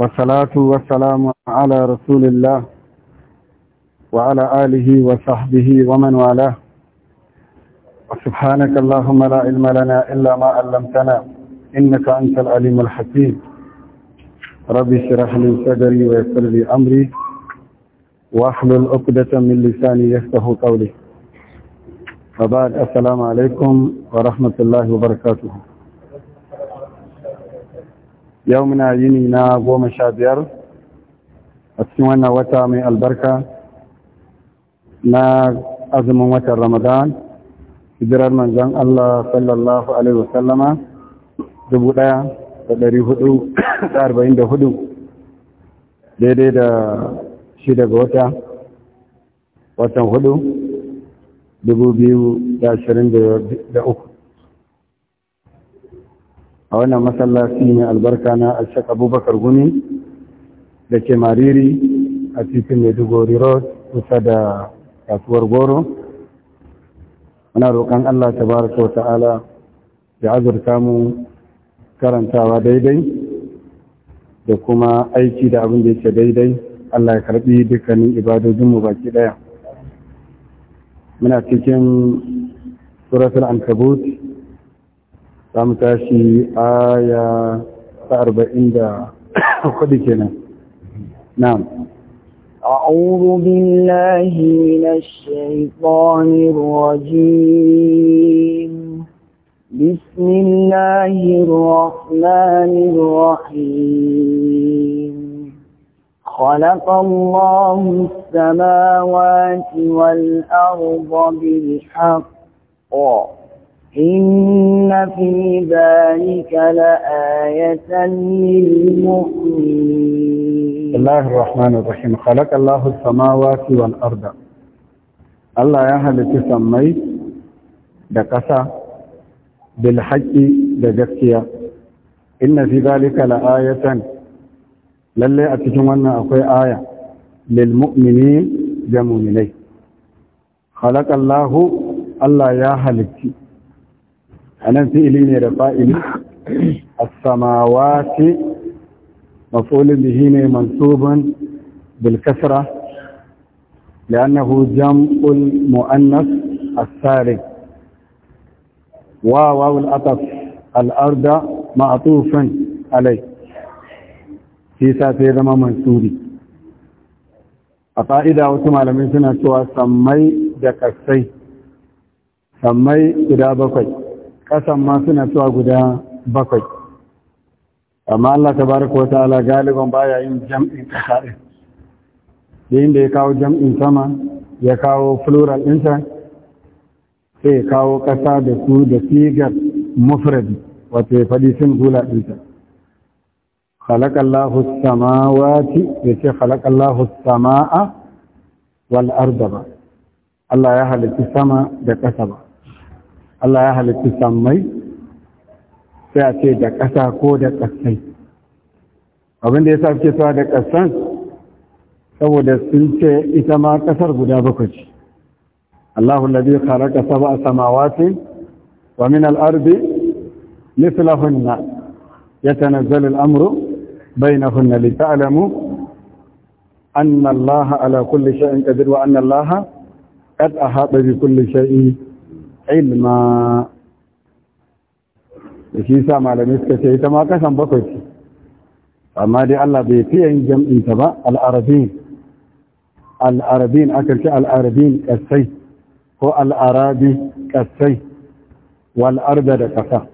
والصلاة والسلام على رسول الله وعلى آله وصحبه ومن والاه سبحانك اللهم لا علم لنا إلا ما علمتنا إنك أنت العليم الحكيم ربي اشرح لي صدري ويسر لي أمري واحلل عقدة من لساني يفقه قولي وبعد السلام عليكم ورحمة الله وبركاته yau muna yini na goma sha biyar a cikin wannan wata mai albarka na azumin watan ramadan hijirar manzan Allah sallallahu alaihi wasallama dubu ɗaya da ɗari hudu da arba'in da hudu daidai da shi daga wata watan hudu dubu biyu da ashirin da uku a wannan masallaci mai albarka na alshak abubakar gumi da ke mariri a titin maiduguri road kusa da kasuwar goro muna roƙon allah ta baraka wata'ala ya azurta mu karantawa daidai da kuma aiki da abin da yake daidai allah ya karɓi dukkanin ibadojinmu baki ɗaya muna cikin suratul ankabut za mu tashi aya ta arba'in da kudu kenan na'am أعوذ بالله من الشيطان الرجيم بسم الله الرحمن الرحيم خلق الله السماوات والأرض بالحق إن في ذلك لآية للمؤمنين الله الرحمن الرحيم خلق الله السماوات والأرض الله يهل تسمي دكسا بالحق دجكيا إن في ذلك لآية للي أتجمعنا أخوي آية للمؤمنين جمؤمنين خلق الله الله يهل تسمي أنا fi'ili ne da السماوات مفعول به maf'ulun bihi لانه جمع المؤنث الثالث واو العطف الارض معطوفا عليه في ساتي زما منصوري قاعده على علمنا سنه سمي دكسي سمي اذا بكاي ƙasan ma suna cewa guda bakwai amma Allah ta baraka wa ta'ala galiban baya yin jam'in ƙasa ɗin yayin ya kawo jam'in sama ya kawo plural ɗinsa sai ya kawo ƙasa da su da sigar mufradi wato ya faɗi sun gula ɗinsa khalaqallahu samawati ya ce khalaqallahu sama'a wal arzaba ba Allah ya halitta sama da ƙasa ba Allah ya halitta sammai sai a ce da ƙasa ko da ƙasai abin da ya sa suke da ƙasan saboda sun ce ita ma ƙasar guda bakwai ce Allahu alladhi khalaqa sab'a samawati wa min al-ardi mithlahunna yatanazzalu al-amru bainahunna lita'lamu alamu, Allah ala kulli shain qadir wa anna Allah a haɗa bi kulli shay'in ilma da shi sa malamai suka ce ita ma kasan bakwai ce amma dai Allah bai fiye yin jam'inta ba al'arabin al'arabin aka ce al'arabin ƙasai ko al'arabi ƙasai wal'arda da ƙasa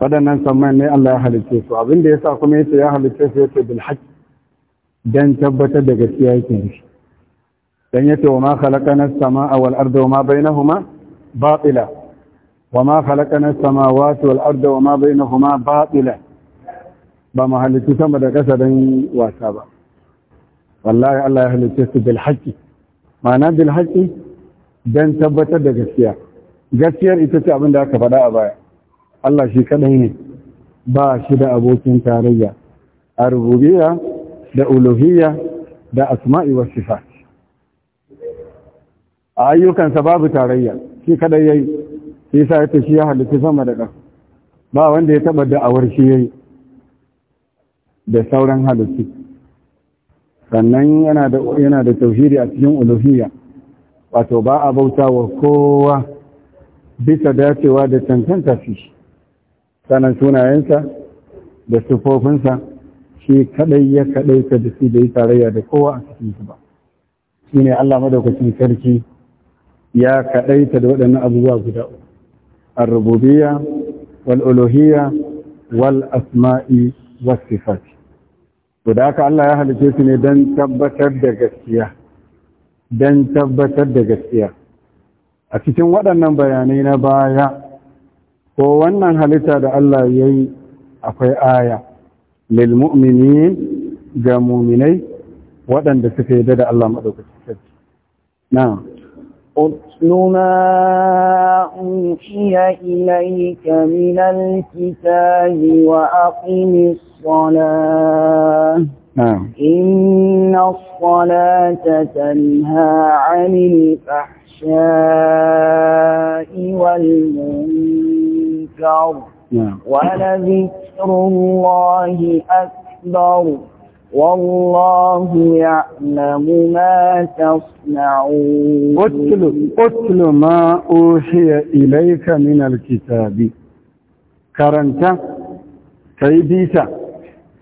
waɗannan samman ne Allah ya halice su abinda ya sa kuma yace ya halice su yace bil haqq dan tabbatar da gaskiya yake shi dan yace wa ma khalaqana as-samaa wal arda wa ma bainahuma باطلا وما خلقنا السماوات والأرض وما بينهما باطلا بما هلتي سما دا كسدا واسابا والله الله هلتي بالحق ma'ana بالحق dan tabbatar da gaskiya gaskiyar ita ce abin da aka faɗa a baya Allah shi kadai ne ba shi da abokin tarayya a rububiyya da uluhiyya da asma'i wa sifat a ayyukansa babu tarayya shi kadai yayi shi sa ya shi ya halitta sama da ƙasa ba wanda ya taba da'awar shi yayi da sauran halittu sannan yana da yana tauhidi a cikin uluhiyya wato ba a bauta wa kowa bisa dacewa da cancanta shi Sannan sunayensa da sufofinsa shi kadai ya kadai ka da shi da yi tarayya da kowa a cikin su ba ne Allah madaukakin sarki ya kaɗaita da waɗannan abubuwa guda al-rububiyya wal-uluhiyya wal-asma'i was-sifat guda haka Allah ya halice su ne don tabbatar da gaskiya don tabbatar da gaskiya a cikin waɗannan bayanai na baya ko wannan halitta da Allah ya yi akwai aya lil mu'minin ga muminai waɗanda suka yi da Allah maɗaukacin sarki na'am أتل ما أوحي إليك من الكتاب وأقم الصلاة نعم. إن الصلاة تنهى عن الفحشاء والمنكر نعم. ولذكر الله أكبر والله يعلم ما تصنعون اتل, أتل ما أوحي إليك من الكتاب كرنت كيبيت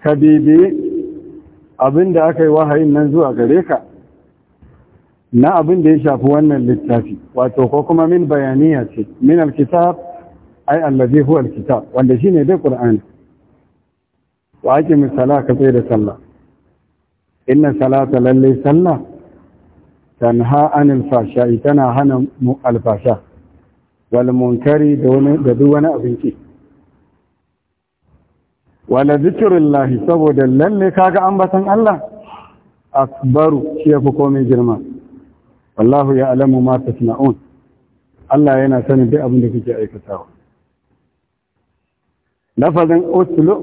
كبيبي abin da aka yi wahayin nan zuwa gare ka na abin da ya shafi wannan littafi wato ko kuma min bayaniya ce min alkitab ai allazi huwa alkitab wanda shine dai qur'ani wa ake misala ka tsaye da sallah inna salata lalle sallah tanha anil fasha'i tana hana mu alfasha wal munkari da wani da duk wani abinci wala zikrullah saboda lalle kaga ambatan Allah akbaru shi yafi komai girma wallahu ya'lamu ma tasna'un Allah yana sanin duk abin da kuke aikatawa lafazin uslu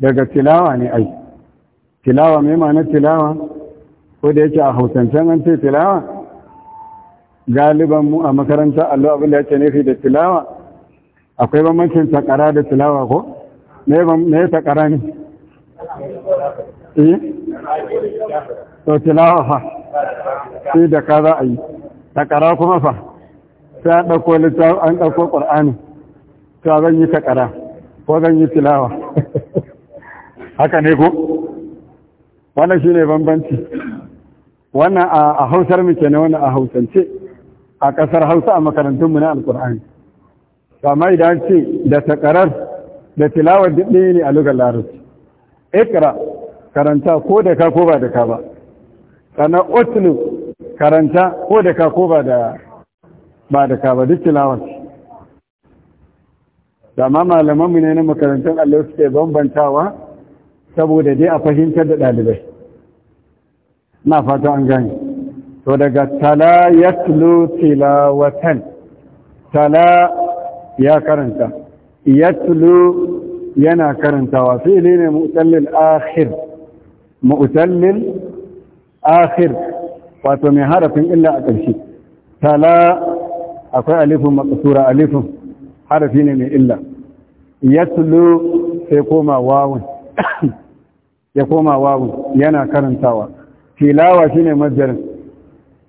daga tilawa ne ai tilawa mai ma'anar tilawa ko da yake a hausancen an ce tilawa galiban mu a makaranta allo abin da yake nufi da tilawa akwai bambancin takara da tilawa ko me ya takara ne eh to tilawa fa sai da ka za a yi takara kuma fa sai an ɗauko littafi an ɗauko ƙur'ani ta zan yi takara ko zan yi tilawa haka ne ko wannan shi ne bambanci wannan a hausar mu ne wannan a hausance a ƙasar hausa a makarantun mu na alƙur'ani amma idan ce da takarar da tilawar ɗaya ne a lugar larabci ikra karanta ko da ka ko ba da ka ba Kana otlu karanta ko da ka ko ba da ba da ka ba duk tilawar da ma mu ne na makarantun allah suke bambantawa saboda dai a fahimtar da ɗalibai na fata an gani to daga tala ya tulo tilawatan tala ya karanta ya tulo yana karantawa fili ne mu'tallil akhir mu'tallil akhir wato mai harafin illa a ƙarshe tala akwai alifin matsura alifin harafi ne mai illa ya tulo sai koma wawun ya koma wawu yana karantawa tilawa shine majarin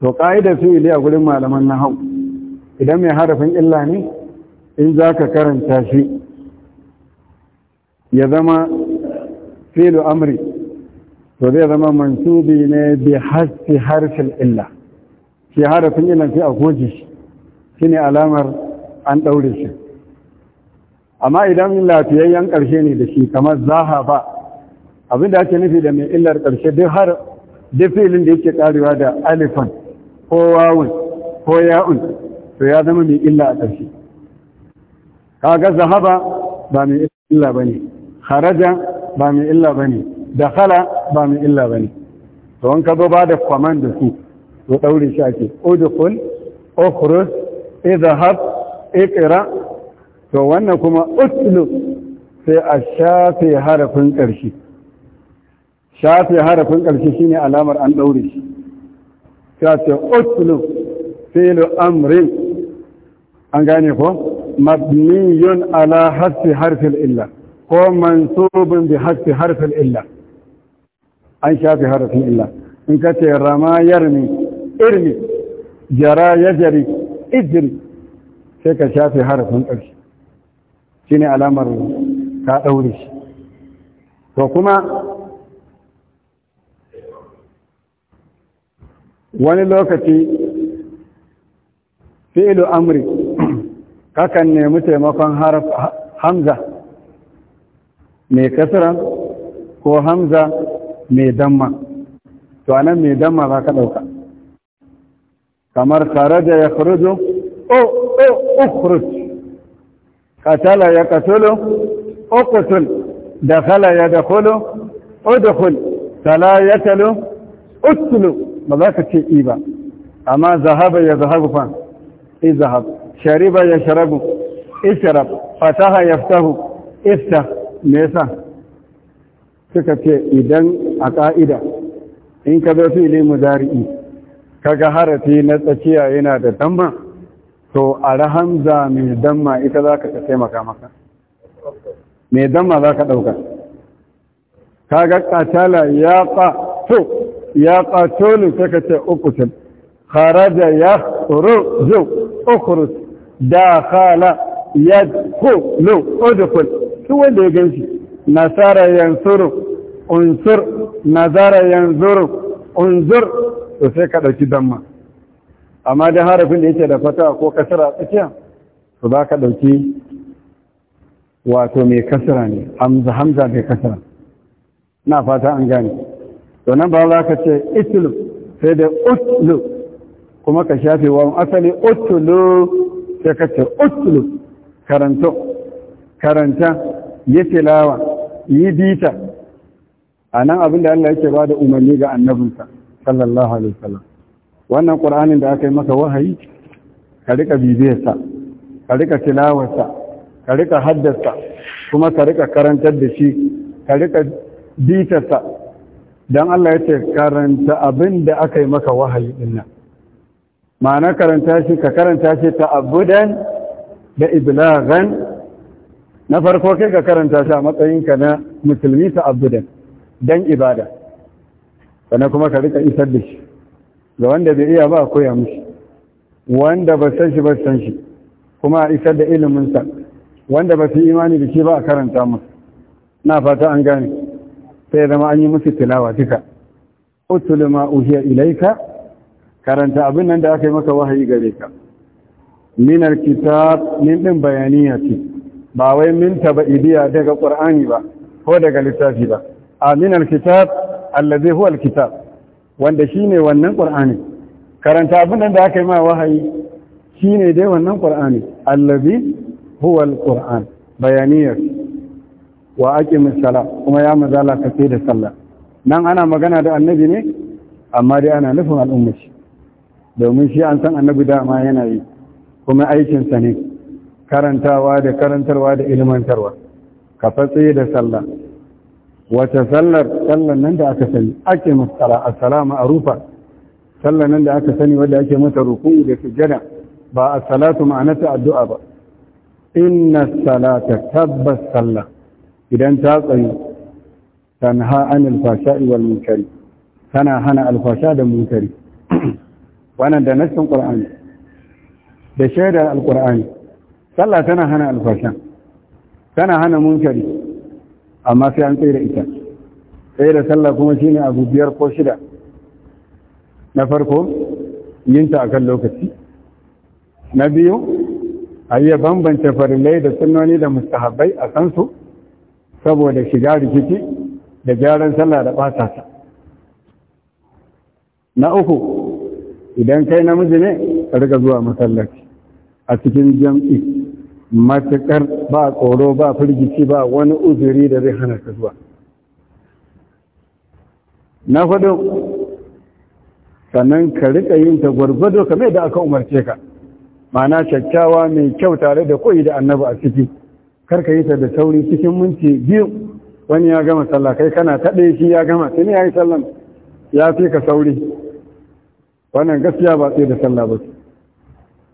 to ka'idar fi'ili a gurin malaman nahau idan mai harafin illa ne in za ka karanta shi ya zama filu amri to zai zama mansubi ne bi hasi harfin illa shi harafin illa sai a goji shi shi ne alamar an ɗaure shi amma idan lafiyayyen ƙarshe ne da shi kamar zaha ba abin da ake nufi da mai illar ƙarshe duk har duk filin da yake karewa da alifan ko wawun ko ya'un to ya zama mai illa a ƙarshe kaga zahaba ba mai illa ba ne, haraja ba mai illa ba ne, da hala ba mai illa ba ne. to an ba ba da kwaman da su to daure shi ake udkhul ukhruj idhhab to wannan kuma utlu sai a shafe harafin ƙarshe shafe harafin ƙarshe shine alamar an ɗaure shi ta ce filo filu amrin an gane ko mabniyun ala hasfi harfil illa ko mansubun bi hasfi harfil illa an shafe harafin illa in ka ce rama yarmi irmi jara yajari ijiri. sai ka shafe harafin ƙarshe shine alamar ka ɗaure shi to kuma wani lokaci fi'ilu amri kakan nemi taimakon hamza mai kasara ko hamza mai damma to anan mai damma ba ka ɗauka kamar tare da ya kurudu o o ukhruj katala ya katulu uqtul Dakala ya o udkhul tala ya talo. uskulu ba za ka ce i ba amma zahaba ya zahabu fa i zahab shariba ya sharabu isharab fataha yaftahu iftah me yasa suka ce idan a ka'ida in ka zo fili mudari'i kaga harafi na tsakiya yana da damma to a rahamza mai damma ita za ka taimaka maka mai damma za ka ɗauka kaga katala ya fa to ya qatulu saka ce uqtul kharaja yakhruju ukhruj dakhala yadkhulu udkhul su wanda ya ganshi nasara yansuru unsur nazara yanzuru unzur to sai ka ɗauki damma amma da harafin da yake da fata ko kasara tsakiya to za ka ɗauki wato mai kasara ne hamza hamza mai kasara na fata an gane to nan ba za ka ce itlu sai da utlu kuma ka shafe wa asali utlu sai ka ce utlu karanto karanta yi tilawa yi bita a nan abin da Allah yake ba da umarni ga annabinsa sallallahu alaihi wasallam wannan qur'anin da aka yi maka wahayi ka rika bibiyarsa ka rika tilawarsa ka rika haddasa kuma ka rika karantar da shi ka rika bitarsa don Allah ya ce karanta abin da aka yi maka wahayi dinnan ma'ana karanta shi ka karanta shi ta ta'abudan da iblagan na farko kai ka karanta shi a matsayinka na musulmi ta'abudan don ibada sannan kuma ka rika isar da shi ga wanda bai iya ba koya mushi wanda ba san shi ba san shi kuma a isar da iliminsa wanda ba su imani da shi ba a karanta musu na fata an gane sai zama an yi musu tilawa duka utul ma uhiya ilaika karanta abin nan da aka yi maka wahayi gare ka min alkitab min din bayaniya ce ba wai min tabidiya daga qur'ani ba ko daga littafi ba a min alkitab allazi huwa alkitab wanda shine wannan qur'ani karanta abin nan da aka yi maka wahayi shine dai wannan qur'ani allazi huwa alquran bayaniya wa ake sala kuma ya mazala ka sai da sallah nan ana magana da annabi ne amma dai ana nufin al'umma shi domin shi an san annabi dama yana yi kuma aikin sa ne karantawa da karantarwa da ilmantarwa ka fatsi da sallah wata sallar sallar nan da aka sani ake masala assalamu rufa? sallar nan da aka sani wanda ake mata ruku'u da sujjada ba a salatu ma'anata addu'a ba inna salata tabbas sallah idan ta tsayu tanha anil alfasha wal munkari tana hana alfasha da munkari wannan da nassin qur'ani da shaidar alqur'ani sallah tana hana alfasha tana hana munkari amma sai an tsira ita sai da sallah kuma shine abu biyar ko shida na farko yinta akan lokaci na biyu a iya bambance farilai da sunnoni da mustahabbai a kansu su saboda shiga rikici da gyaran sallah da ɓata ta na uku idan kai namiji ne ka riga zuwa masallaci a cikin jam'i matuƙar ba tsoro ba firgici ba wani uzuri da zai hana ka zuwa na hudu sannan ka riƙa yin ta gwargwado kamar da aka umarce ka mana kyakkyawa mai kyau tare da koyi da annabi a ciki karka yi ta da sauri cikin minti biyu wani ya gama sallah kai kana taɗe shi ya gama tuni ya yi sallan ya fi ka sauri wannan gaskiya ba tsaye da sallah ba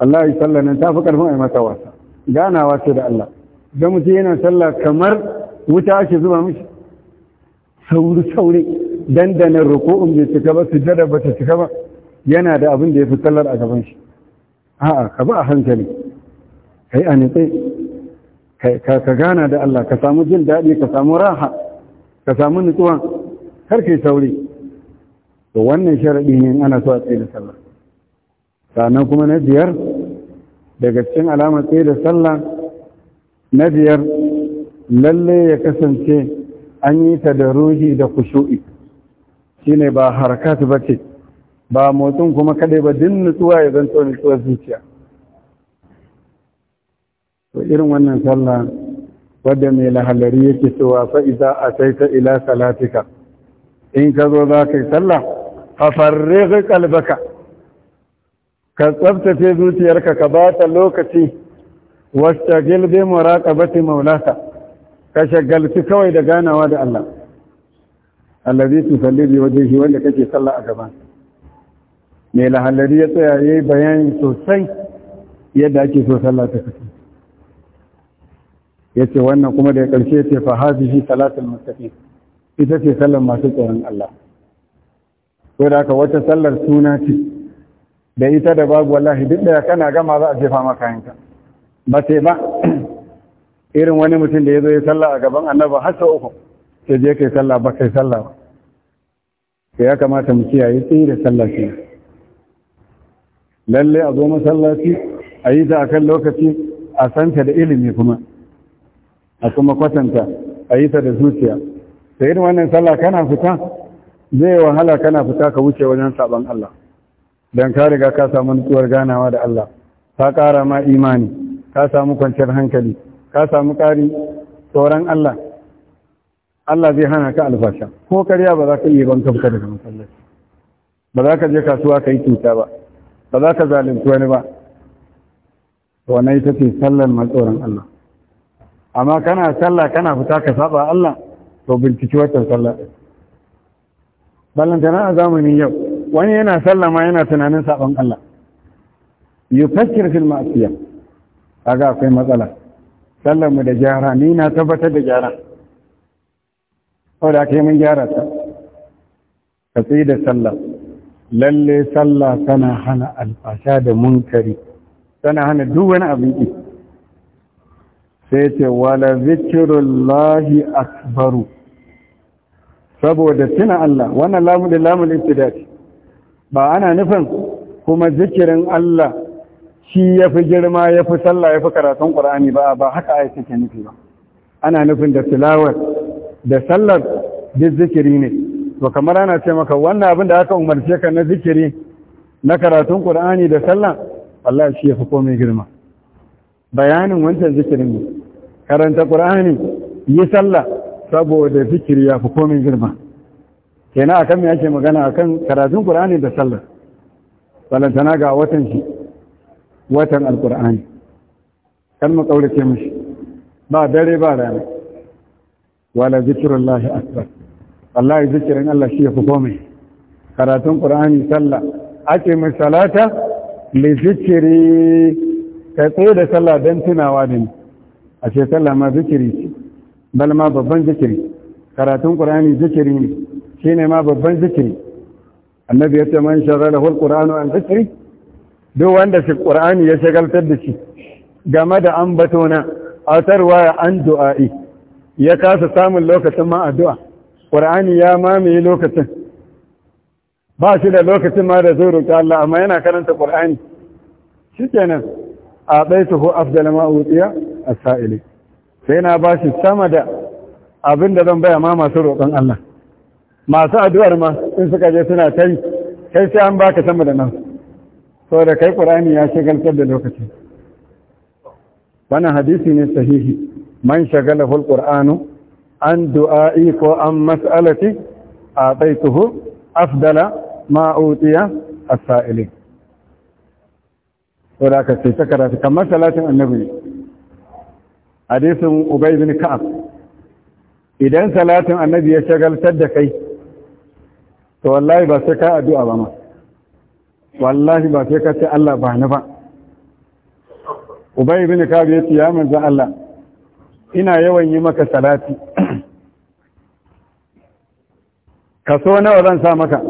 Allah ya sallah nan ta fi ƙarfin a yi masa wasa ganawa ce da Allah don mutum yana sallah kamar wuta ake zuba mishi sauri sauri dandanan ruku'un bai cika ba jada ba ta cika ba yana da abin da ya fi sallar a gaban shi a'a ka a hankali kai a nitsai ka gana da Allah ka samu jin daɗi ka samu raha ka samu nutsuwa kar ke sauri to wannan sharaɗi ne ana so a tsaye da sallah sannan kuma na biyar daga cikin alama tsaye da sallah na biyar lalle ya kasance an yi ta da ruhi da kushu'i shine ba harkatu ba ce ba motsin kuma kaɗai ba din nutsuwa ya zanto nutsuwar zuciya to irin wannan sallah wadda mai lahalari yake cewa fa idza ataita ila salatika in ka zo za ka yi sallah fa farrigh qalbaka ka tsaftace zuciyarka ka ba ta lokaci wastagil bi muraqabati maulaka ka shagalci kawai da ganawa da Allah alladhi tusalli bi wajhihi wanda kake sallah a gaban mai lahalari ya tsaya yayi bayani sosai yadda ake so sallah ta kasance Ya ce wannan kuma da ya ƙarshe ce fa shi talatin mustafi. ita ce sallar masu tsoron Allah ko da aka wata sallar suna ce da ita da babu wallahi duk da kana gama za a jefa maka yanka ba sai ba irin wani mutum da ya zo ya salla a gaban annaba har sau uku sai je kai salla ba kai salla ba sai ya kamata mu kiyaye tsayi da sallah shi lalle a zo masallaci a yi ta akan lokaci a santa da ilimi kuma a kuma kwatanta a yi ta da zuciya da irin wannan sallah kana fita zai wahala kana fita ka wuce wajen saban Allah dan ka riga ka samu nutsuwar ganawa da Allah ka ƙara ma imani ka samu kwanciyar hankali ka samu ƙari tsoron Allah Allah zai hana ka alfasha ko karya ba za ka iya bankan ka daga masallaci ba za ka je kasuwa ka yi cuta ba ba za ka zalunci wani ba wannan ita ce sallar matsoron Allah amma kana sallah kana fita ka saba Allah to binciki wannan sallah ballantana a zamanin yau wani yana sallah ma yana tunanin saban Allah yufakkir fil ma'siya kaga akwai matsala sallar mu da gyara ni na tabbatar da gyara saboda kai mun gyara ta ka da sallah lalle sallah tana hana alfasha da munkari tana hana duk wani abin sai ce wala zikirullahi akbaru saboda tuna Allah wannan lamul lamul ibtidai ba ana nufin kuma zikirin Allah shi yafi girma yafi sallah yafi karatun Qur'ani ba ba haka ai take nufi ba ana nufin da tilawar da sallar duk zikiri ne to kamar ana ce maka wannan abin da aka umarce ka na zikiri na karatun Qur'ani da sallah Allah shi yafi komai girma bayanin wancan zikirin ne karanta qur'ani yi sallah saboda zikiri ya fi komai girma Kena akan me ake magana akan karatun qur'ani da sallah balantana ga watan shi watan alqur'ani kan mu kaurace mishi ba dare ba rana wala zikirin zikrullahi akbar wallahi zikirin Allah shi ya fi komai karatun qur'ani sallah ake mai salata li zikiri kai tsaye da sallah don tunawa da ni a ce sallah ma zikiri ce bal ma babban zikiri karatun qur'ani zikiri ne shine ma babban zikiri annabi ya ce man sharara hul qur'anu an zikiri duk wanda shi qur'ani ya shagaltar da shi game da ambatona atarwa an du'a'i ya kasa samun lokacin ma addu'a qur'ani ya mamaye lokacin ba shi da lokacin ma da zuru ta Allah amma yana karanta qur'ani shikenan a ɗaituhu afdalama wutsiya a sa'ili sai na ba shi sama da abin da zan baya ma masu roƙon Allah masu addu'ar ma in suka je suna kai kai sai an baka sama da nan so da kai ƙurani ya shagaltar da lokaci wannan hadisi ne sahihi man shagala hul qur'anu an du'a'i ko an mas'alati a ɗaituhu afdala ma'utiya a sa'ili to da aka sai ta karatu kamar salatin annabi hadisin ubay bin ka'ab idan salatin annabi ya shagaltar da kai to wallahi ba sai ka addu'a ba ma wallahi ba sai ka ce Allah ba ni ba ubay bin ka'ab ya ce ya manzo Allah ina yawan yi maka salati kaso nawa zan sa maka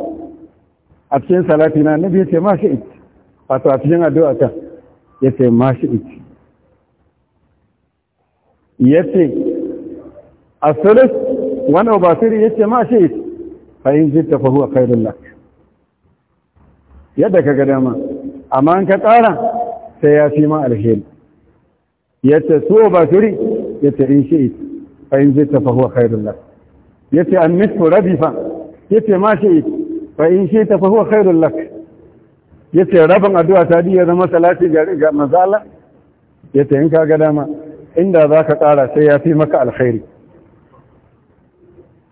a cikin salati na annabi ya ce ma shi wato a cikin addu'a ta ya ce ma shi iti ya ce a sulis wani obasiri ya ce shi iti fa'in zai tafi huwa kairun lak yadda ka ga dama amma an ka tsara sai ya fi ma alheri ya ce su obasiri ya ce in shi iti fa'in zai tafi huwa kairun lak ya ce an nisfu rabi fa ya ce ma shi. iti fa'in shi tafi huwa kairun lak ya ce rabin addu'a ta ya zama salati ga mazala ya ce in ka ga dama inda za ka tsara sai ya fi maka alkhairi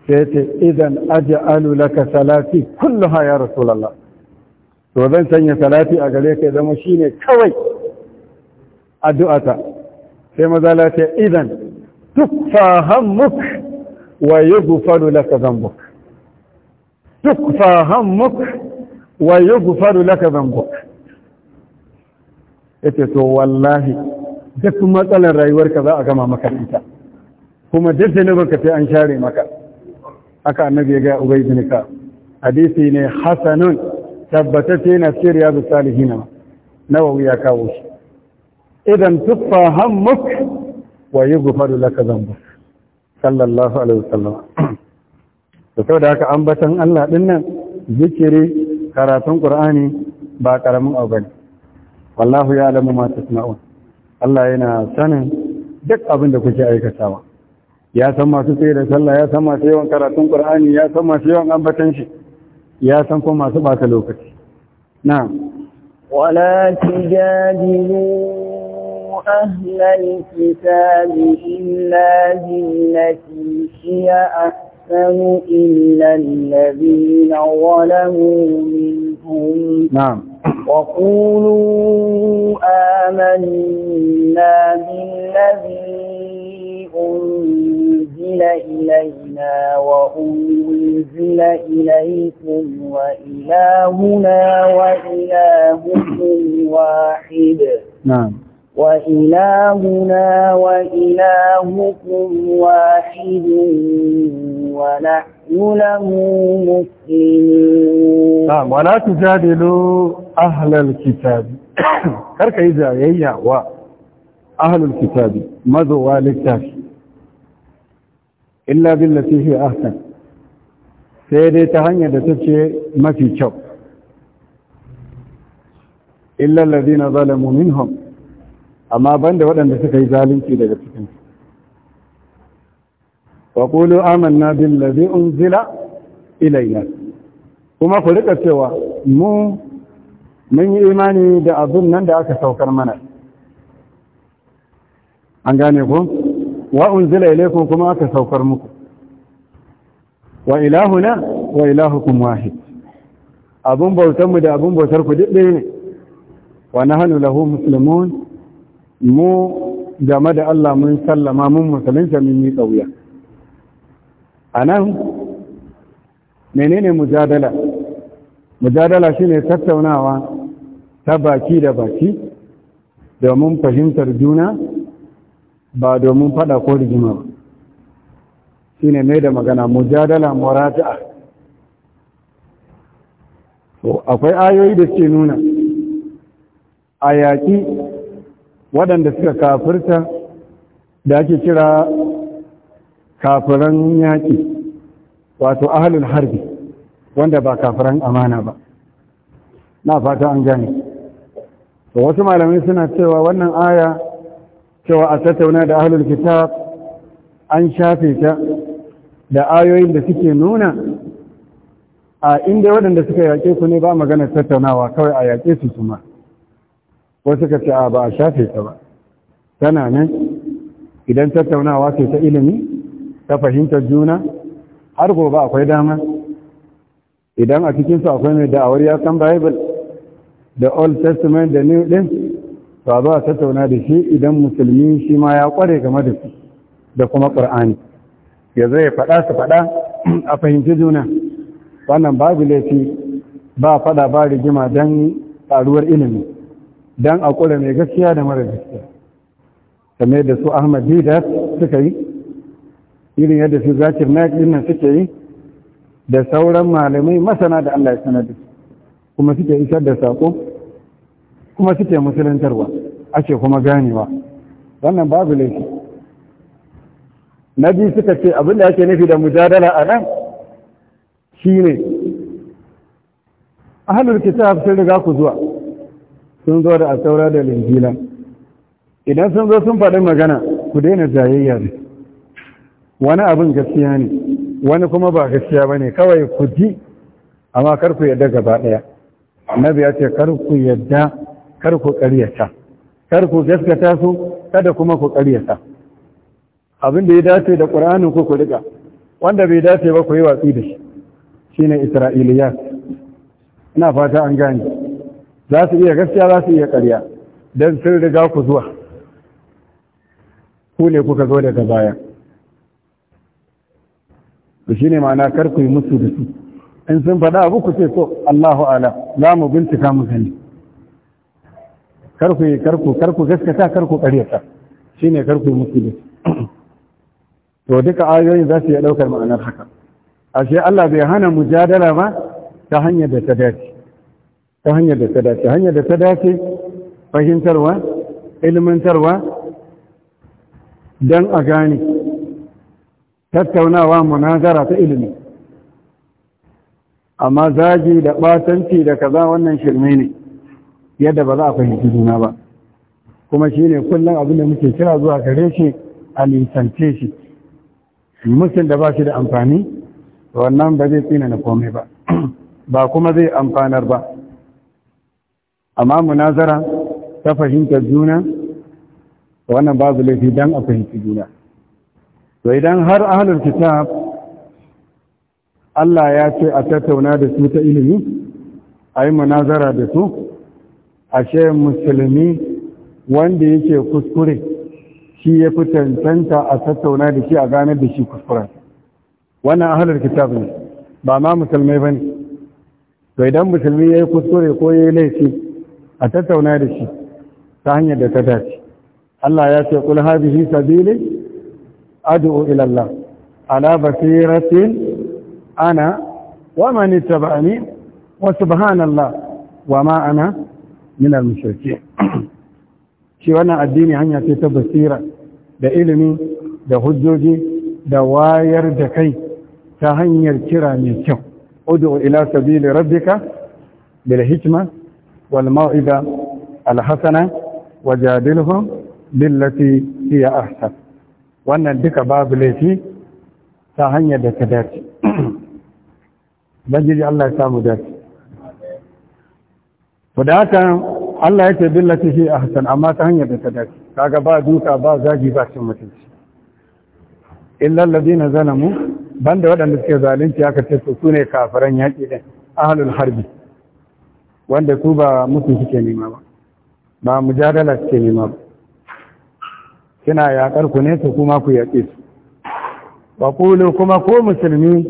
sai ce idan aji alulaka salati ha ya rasulallah to zan sanya salati a gare ka zama shi ne kawai addu'ata sai mazala ce idan duk fahammuk wa yi gufaru laka zambuk duk fahammuk wa yughfaru laka dhanbuk Ita to wallahi duk matsalar rayuwarka za a gama maka ita kuma duk zanubanka fi an share maka Aka annabi ya ga ubay bin hadisi ne hasanun tabbatacce na siriya da salihina Nawa ya kawo shi idan tuffa hammuk wa yughfaru laka dhanbuk sallallahu alaihi wasallam to saboda haka ambatan Allah ɗin nan zikiri karatun ƙur'ani ba ƙaramin abu ne. wallahu ya alamu masu suna'un Allah yana sanin duk abin da kuke aikatawa ya san masu tsaye da sallah ya san masu yawan karatun ƙur'ani ya san masu yawan ambatan shi ya san kuma masu bata lokaci Na. wala tijadilu ahlal الكتاب illa بالتي هي أحسن أحسن إلا الذين ظلموا منهم نعم وقولوا آمنا بالذي أنزل إلينا وأنزل إليكم وإلهنا وإلهكم واحد نعم وإلهنا وإلهكم واحد ونحن له مسلمون نعم ولا تجادلوا أهل الكتاب كرك إذا يهيا وأهل الكتاب ماذا والكتاب إلا بالتي هي أحسن سيدي تهنيا دتشي ما في شوق إلا الذين ظلموا منهم amma banda waɗanda suka yi zalunci daga cikin wa qulu amanna billazi unzila ilayna kuma ku rika cewa mu mun yi imani da abin nan da aka saukar mana an gane ku wa unzila ilaykum kuma aka saukar muku wa ilahuna wa ilahukum wahid abun bautar mu da abun bautar ku duk ɗaya ne wa nahnu lahu muslimun mu game da Allah mun sallama mun musulunta mun yi ɗauya. a nan menene mujadala mujadala shine tattaunawa ta baki da baki domin fahimtar juna ba domin faɗa ko rigima ba shine mai da magana mujadala murata. akwai ayoyi da suke nuna a yaƙi waɗanda suka kafirta da ake kira kafiran yaƙi wato ahalin harbi wanda ba kafiran amana ba na fata an gane wasu malamai suna cewa wannan aya cewa a tattauna da ahalin kitab an shafe ta da ayoyin da suke nuna a inda waɗanda suka yaƙe ku ne ba magana tattaunawa kawai a yaƙe su su wasu ka ce a ba a shafe ta ba tana nan idan tattaunawa ce ta ilimi ta fahimtar juna har gobe akwai dama idan a cikinsu akwai mai da'awar ya san bible da old testament da new din to a zo a tattauna da shi idan musulmi shi ma ya kware game da su da kuma ƙur'ani ya zai ya faɗa su faɗa a fahimci juna wannan babu laifi ba faɗa ba rigima don ƙaruwar ilimi don a ƙura mai gaskiya da mara gaskiya kame da su ahmad didat suka yi irin yadda su zakir yi nan suke yi da sauran malamai masana da allah ya sanar da su kuma suke isar da saƙo kuma suke musulantarwa ake kuma ganewa wannan babu laifi na biyu suka ce abin da ake nufi da mujadala a nan shi ne ahalul kitab sun riga ku zuwa sun zo da asaura da linjila idan sun zo sun faɗi magana ku daina jayayya ne wani abin gaskiya ne wani kuma ba gaskiya ba ne kawai ku ji amma kar ku yadda gaba ɗaya annabi ya ce kar ku yadda kar ku ƙaryata kar ku gaskata su kada kuma ku ƙaryata abin da ya dace da ƙur'anin ku ku riƙa wanda bai dace ba ku yi watsi da shi shine isra'iliyat ina fata an gane za su iya gaskiya za su iya ƙarya don sun riga ku zuwa ku ne kuka zo daga baya to ne ma'ana kar ku yi musu da su in sun faɗa abu ku ce so Allahu ala za mu bincika mu gani kar ku yi kar ku kar ku gaskata karku ku ƙaryata shine kar ku yi musu da su to duka ayoyin za su iya ɗaukar ma'anar haka ashe Allah bai hana mujadala ba ta hanyar da ta dace ta hanyar da ta dace hanyar da ta dace fahimtarwa ilmantarwa don a gane tattaunawa munazara ta ilimi amma zagi da batanci da kaza wannan shirme ne yadda ba za a fahimci juna ba kuma shi ne kullum abin da muke kira zuwa gare shi a nisance shi Musul da ba shi da amfani wannan ba zai tsina na komai ba ba kuma zai amfanar ba amma munazara ta fahimta juna wannan babu laifi dan a fahimci juna to idan har ahlul kitab Allah ya ce a tattauna da su ta ilimi a yi munazara da su a ashe musulmi wanda yake kuskure shi ya fi tantanta a tattauna da shi a ganar da shi kuskura. wannan ahalar kitab ne ba ma musulmai ba ne to idan musulmi ya yi kuskure ko ya yi laifi a tattauna da shi ta hanyar da ta dace Allah ya ce kul hadhihi sabili ad'u ila Allah ala basiratin ana wa man ittaba'ani wa subhanallah wa ma ana min al mushrikin shi wannan addini hanya ce ta basira da ilimi da hujjoji da wayar da kai ta hanyar kira mai kyau udu ila sabili rabbika bil hikma والموعظة الحسنة وجادلهم بالتي هي أحسن wannan duka babu laifi ta hanyar da ta dace bangiji Allah ya samu dace to da Allah ya ce billati fi ahsan amma ta hanyar da ta dace kaga ba duka ba zagi ba cin mutunci illa alladhina zalamu banda waɗanda suke zalunci aka ce sune ne kafiran yaƙi din ahlul harbi wanda su ba mutum suke nema ba ba mujadala suke nema ba kina yaƙar ku ne su kuma ku yaƙe su wa kuma ko musulmi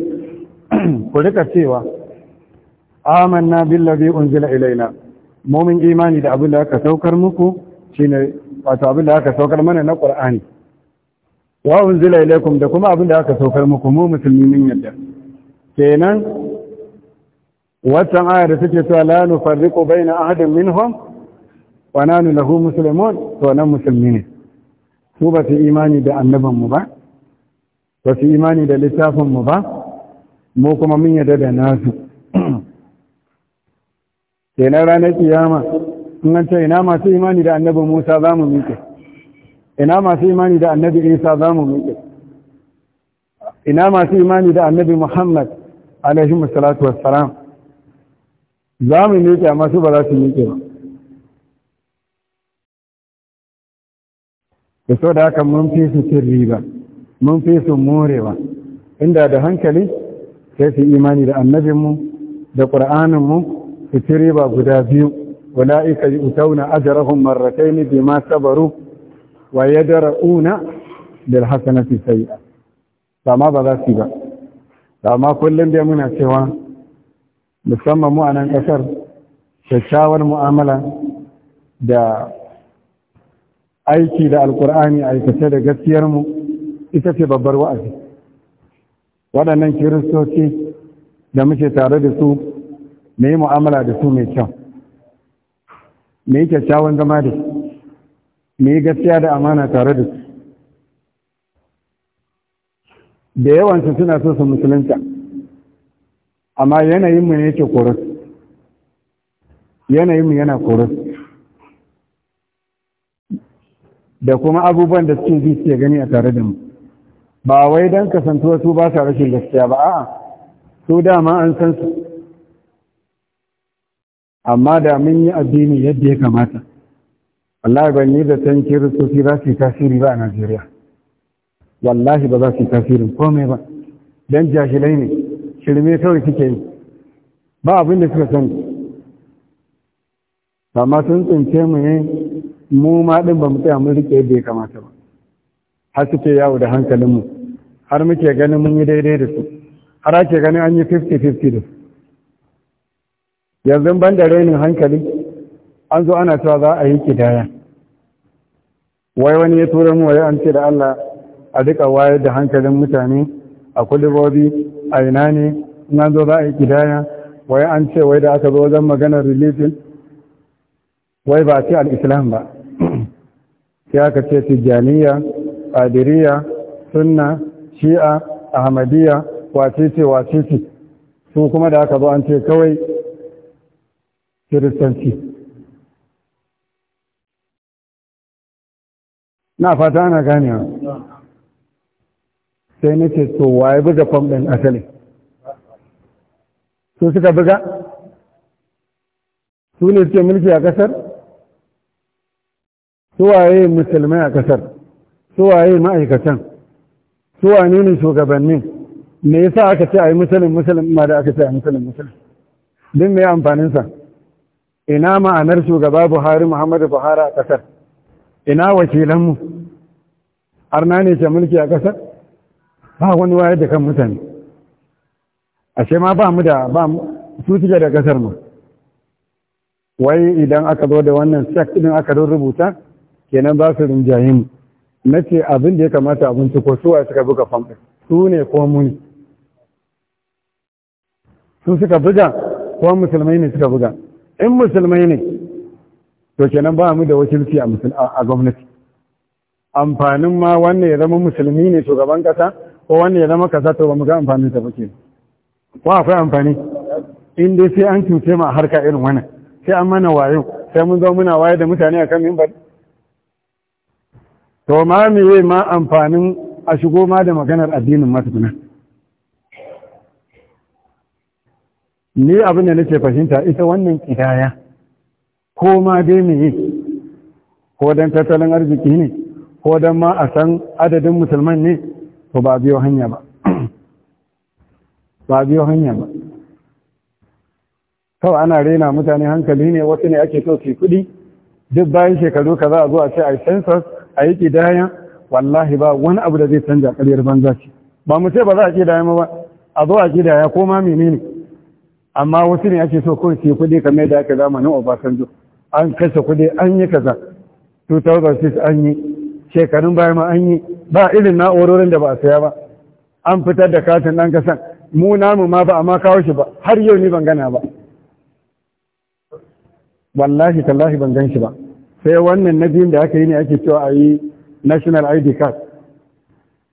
ku rika cewa amanna billazi unzila ilaina momin imani da abin da aka saukar muku shine wato abin da aka saukar mana na Qur'ani wa unzila ilaikum da kuma abin da aka saukar muku mu musulmi mun yadda kenan wata ayar da take cewa la nufarriqu baina ahadin minhum wa nanu lahu muslimun to nan muslimi ne su ba su imani da annaban mu ba ba su imani da littafin mu ba mu kuma mun yarda da nasu kenan ranar kiyama in an ce ina masu imani da annabi Musa za mu miƙe ina masu imani da annabi Isa za mu miƙe ina masu imani da annabi Muhammad alaihi wassalatu wassalam za mu miƙe amma su ba za su miƙe ba da so da haka mun fi su cin riba mun fi su morewa inda da hankali sai su imani da annabinmu da ƙura'aninmu su ci riba guda biyu ika yi utauna ajarahun marrakai ne bima sabaru wa ya dara'una bil hasanati sayi'a ba ma ba za su yi ba amma kullum dai muna cewa musamman mu a nan ƙasar kyakkyawar mu'amala da aiki da alkur'ani aikace da gaskiyarmu ita ce babbar wa'azi waɗannan kiristoci da muke tare da su mai mu'amala da su mai kyau mai kyakkyawan zama da su mai gaskiya da amana tare da su da yawansu suna so su musulunta amma yanayinmu ne yake yanayin yanayinmu yana kurus da kuma abubuwan da suke zai suke gani a tare da mu ba wai don kasantuwa su ba sa rashin gaskiya ba a'a su dama an san su amma da mun yi addini yadda ya kamata wallahi ban yi zaton kiristoci za su yi tasiri ba a najeriya wallahi ba za su yi tasirin komai ba don jahilai ne shirme kawai suke yi ba abin da suka sani ma sun tsince mu ne mu ma ɗin ba mu tsaya mun rike yadda ya kamata ba har suke yawo da hankalinmu har muke ganin mun yi daidai da su har ake ganin an yi 50-50 da su yanzu ban da rainin hankali an zo ana cewa za a yi kidaya wai wani ya tura mu wai an ce da Allah a duka wayar da hankalin mutane a kulubobi a ina ne na zo za a yi kidaya wai an ce wai da aka zo wajen maganar religion wai ba ce al'islam ba sai aka ce tijjaniya ƙadiriya sunna shi'a ahmadiyya wacece wacece su kuma da aka zo an ce kawai kiristanci na fata ana ganewa sai na ce to waye buga fom ɗin asali su suka buga su ne suke mulki a ƙasar su waye musulmai a ƙasar su waye ma'aikatan su wane ne shugabannin me yasa aka ce a yi musulun musulun ma da aka ce a musulun musulun din mai amfaninsa ina ma'anar shugaba buhari muhammadu buhari a ƙasar ina wakilanmu arna ne ke mulki a ƙasar ba wani wayar da kan mutane ashe ma ba mu da ba su suke da kasar mu wai idan aka zo da wannan check din aka don rubuta kenan ba su rinjaye mu nace abin da ya kamata abin ci ko suwa suka buga fam su ne ko muni su suka buga ko musulmai ne suka buga in musulmai ne to kenan ba mu da wakilci a gwamnati amfanin ma wannan ya zama musulmi ne shugaban kasa ko wanda ya zama kasa to ba mu ga amfanin ta bake ko akwai amfani in dai sai an cuce mu a harka irin wannan sai an mana wayo sai mun zo muna waye da mutane akan minbar to ma yi ma amfanin a shigo ma da maganar addinin matukuna ni abin da nake fahimta ita wannan kidaya ko ma dai me ko dan tattalin arziki ne ko dan ma a san adadin musulman ne to ba biyo hanya ba ba biyo hanya ba kawai ana rena mutane hankali ne wasu ne ake so su kuɗi duk bayan shekaru ka za a zo a ce a yi census a yi ƙidaya wallahi ba wani abu da zai canja ƙaryar banza ce ba mu ce ba za a ƙidaya ba a zo a ƙidaya ko ma menene amma wasu ne ake so kawai su kuɗi kamar da aka zamanin obasanjo an kashe kuɗi an yi kaza 2006 an yi shekarun bayan ma an yi ba irin na'urorin da ba a saya ba an fitar da katin ɗan kasan mu namu ma ba a ma kawo shi ba har yau ni ban gana ba wallahi tallahi ban gan shi ba sai wannan na biyun da aka yi ne ake cewa a yi national id card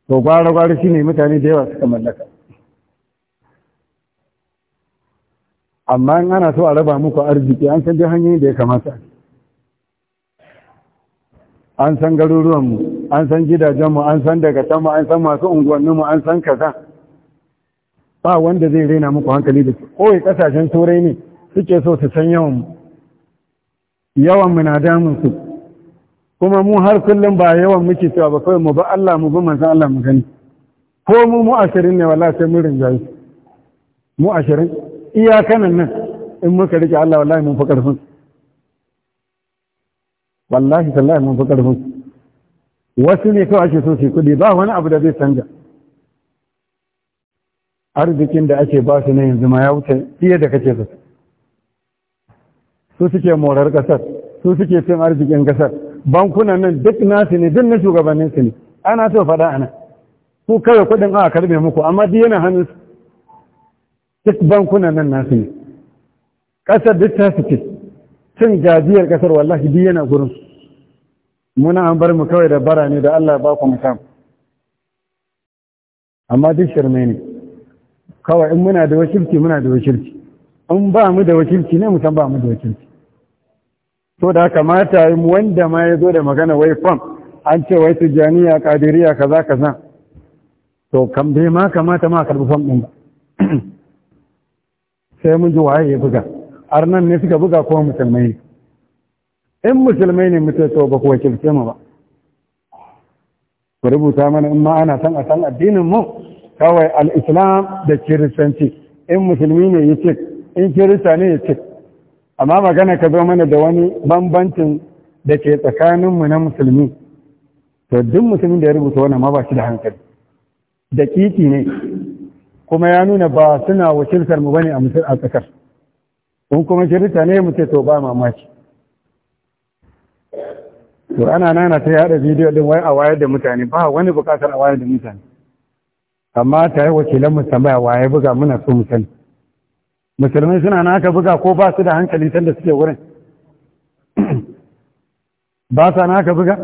to gwara-gwara shi ne mutane da yawa suka mallaka amma in ana so a raba muku arziki an san dai hanyoyin da ya kamata an san garuruwanmu an san gidajenmu an san daga sama an san masu unguwanninmu an san kaza ba wanda zai rena muku hankali da su kowai kasashen turai ne suke so su san yawanmu yawanmu na damunsu kuma mu har kullum ba yawan muke cewa ba kawai mu ba Allah mu bi manzon Allah mu gani ko mu mu ashirin ne wallahi sai mun rinjaye mu ashirin iyakanan nan in muka rike Allah wallahi mun fi karfin wallahi tallahi mun fi karfin wasu ne kawai ake so su kuɗi ba wani abu da zai canja arzikin da ake ba su na yanzu ma ya wuce fiye da kake zata su suke morar ƙasar su suke cin arzikin ƙasar bankunan nan duk nasu ne duk na shugabannin su ne ana so faɗa ana ku kawai kuɗin a karbe muku amma duk yana hannun duk bankunan nan nasu ne ƙasar duk ta su ce cin gajiyar ƙasar wallahi duk yana gurin su muna an bar mu kawai da bara ne da Allah ba ku mutum amma duk shirme ne kawai in muna da wakilci muna da wakilci in ba mu da wakilci ne mutum ba mu da wakilci to da kamata wanda ma ya zo da magana wai fam an ce wai tijjaniya kadiriya kaza kaza to kan bai ma kamata ma karbi fam din ba sai mun ji waye ya buga arnan ne suka buga ko musulmai ne in musulmai ne mutum to ba ku wakilce mu ba ku rubuta mana in ma ana san a san addinin mu kawai al-islam da kiristanci in musulmi ne ya ce in kirista ne ya ce amma magana ka zo mana da wani bambancin da ke tsakaninmu na musulmi to duk musulmin da ya rubuta wannan ma ba shi da hankali da kiki ne kuma ya nuna ba suna wakiltar mu bane a a tsakar in kuma kirista ne mu ce to ba mamaki to ana nana ta yada bidiyo din wai a wayar da mutane ba wani bukatar a wayar da mutane amma ta yi wakilan mu tambaya waye buga muna so mu sani musulmai suna na aka buga ko ba su da hankali sanda suke wurin ba sa na aka buga